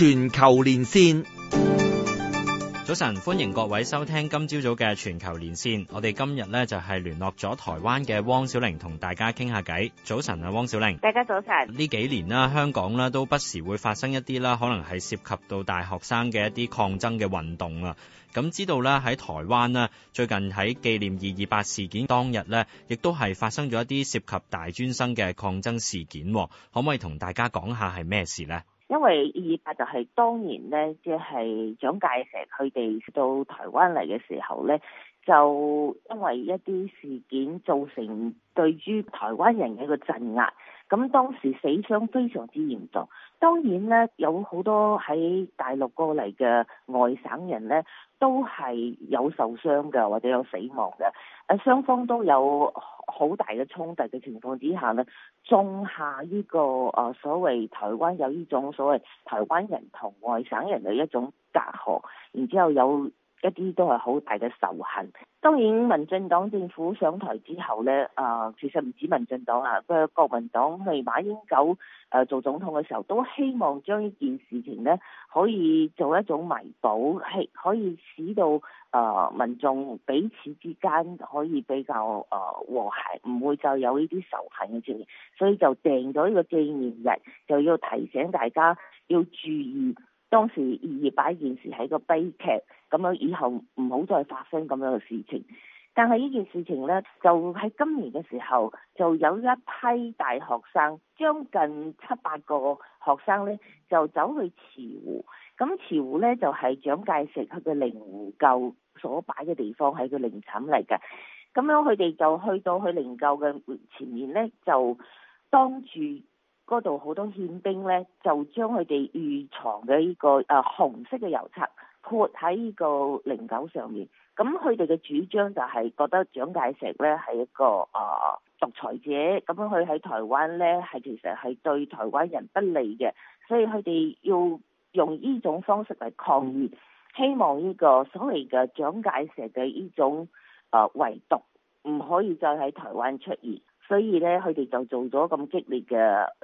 全球連線，早晨，歡迎各位收聽今朝早嘅全球連線。我哋今日呢，就係、是、聯絡咗台灣嘅汪小玲，同大家傾下偈。早晨啊，汪小玲，大家早晨。呢幾年啦，香港啦都不時會發生一啲啦，可能係涉及到大學生嘅一啲抗爭嘅運動啊。咁知道啦，喺台灣啦，最近喺紀念二二八事件當日呢，亦都係發生咗一啲涉及大專生嘅抗爭事件。啊、可唔可以同大家講下係咩事呢？因為二二八就係、是、當年呢，即係蔣介石佢哋到台灣嚟嘅時候呢，就因為一啲事件造成對於台灣人嘅一個鎮壓，咁當時死傷非常之嚴重。當然呢，有好多喺大陸過嚟嘅外省人呢，都係有受傷嘅或者有死亡嘅。誒，雙方都有。好大嘅衝突嘅情況之下呢，種下呢個啊，所謂台灣有呢種所謂台灣人同外省人嘅一種隔閡，然之後有一啲都係好大嘅仇恨。當然民進黨政府上台之後呢，啊，其實唔止民進黨啊，嘅國民黨，譬如馬英九誒，做總統嘅時候，都希望將呢件事情呢可以做一種彌補，係可以使到。誒、呃、民眾彼此之間可以比較誒、呃、和諧，唔會就有呢啲仇恨嘅情形，所以就訂咗呢個紀念日，就要提醒大家要注意。當時二二八件事係個悲劇咁樣，以後唔好再發生咁樣嘅事情。但係呢件事情呢，就喺今年嘅時候，就有一批大學生，將近七八個學生呢，就走去慈湖。咁慈湖咧就係、是、蔣介石佢嘅靈柩所擺嘅地方，係佢陵寢嚟嘅。咁樣佢哋就去到佢靈柩嘅前面咧，就當住嗰度好多憲兵咧，就將佢哋預藏嘅呢個誒、呃、紅色嘅油漆潑喺呢個靈柩上面。咁佢哋嘅主張就係覺得蔣介石咧係一個誒、呃、獨裁者，咁樣佢喺台灣咧係其實係對台灣人不利嘅，所以佢哋要。用呢種方式嚟抗議，希望呢個所謂嘅蔣介石嘅呢種誒圍堵唔可以再喺台灣出現。所以咧佢哋就做咗咁激烈嘅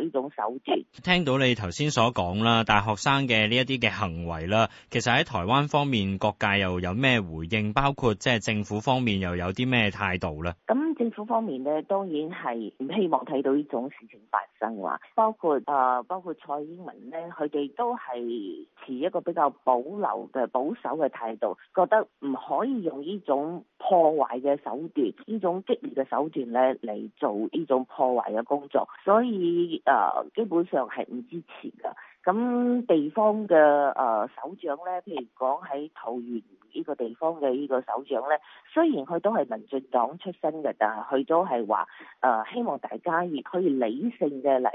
呢種手段。聽到你頭先所講啦，大學生嘅呢一啲嘅行為啦，其實喺台灣方面各界又有咩回應，包括即係政府方面又有啲咩態度咧？咁、嗯。政府方面咧，當然係唔希望睇到呢種事情發生啦。包括誒、呃，包括蔡英文咧，佢哋都係持一個比較保留嘅保守嘅態度，覺得唔可以用呢種破壞嘅手段，呢種激烈嘅手段咧嚟做呢種破壞嘅工作，所以誒、呃，基本上係唔支持噶。咁地方嘅誒首長呢，譬如講喺桃園呢個地方嘅呢個首長呢，雖然佢都係民進黨出身嘅，但係佢都係話誒希望大家亦可以理性嘅嚟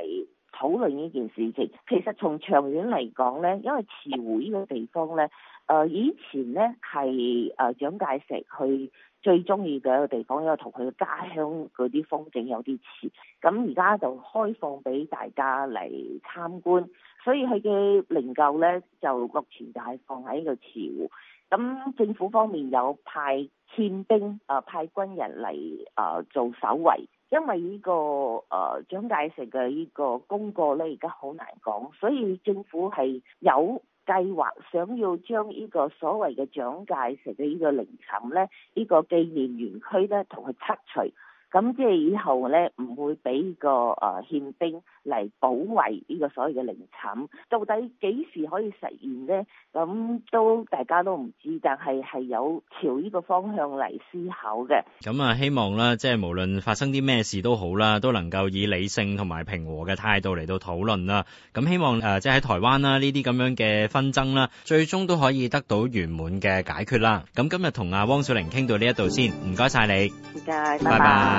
討論呢件事情。其實從長遠嚟講呢，因為慈湖呢個地方呢，誒、呃、以前呢係誒、呃、蔣介石佢最中意嘅一個地方，因為同佢嘅家鄉嗰啲風景有啲似。咁而家就開放俾大家嚟參觀。所以佢嘅靈柩呢，就目前就係放喺呢個慈湖。咁政府方面有派憲兵啊、呃，派軍人嚟啊、呃、做守衛，因為呢、呢個啊、呃、蔣介石嘅呢個功過呢，而家好難講。所以政府係有計劃想要將呢個所謂嘅蔣介石嘅呢個陵寢呢，呢、呢個紀念園區呢，同佢拆除。咁即係以後咧，唔會俾個誒憲兵嚟保衞呢個所謂嘅陵寢。到底幾時可以實現咧？咁都大家都唔知，但係係有朝呢個方向嚟思考嘅。咁啊，希望啦，即係無論發生啲咩事都好啦，都能夠以理性同埋平和嘅態度嚟到討論啦。咁希望誒，即係喺台灣啦，呢啲咁樣嘅紛爭啦，最終都可以得到圓滿嘅解決啦。咁今日同阿汪小玲傾到呢一度先，唔該晒你。唔該，拜拜。拜拜。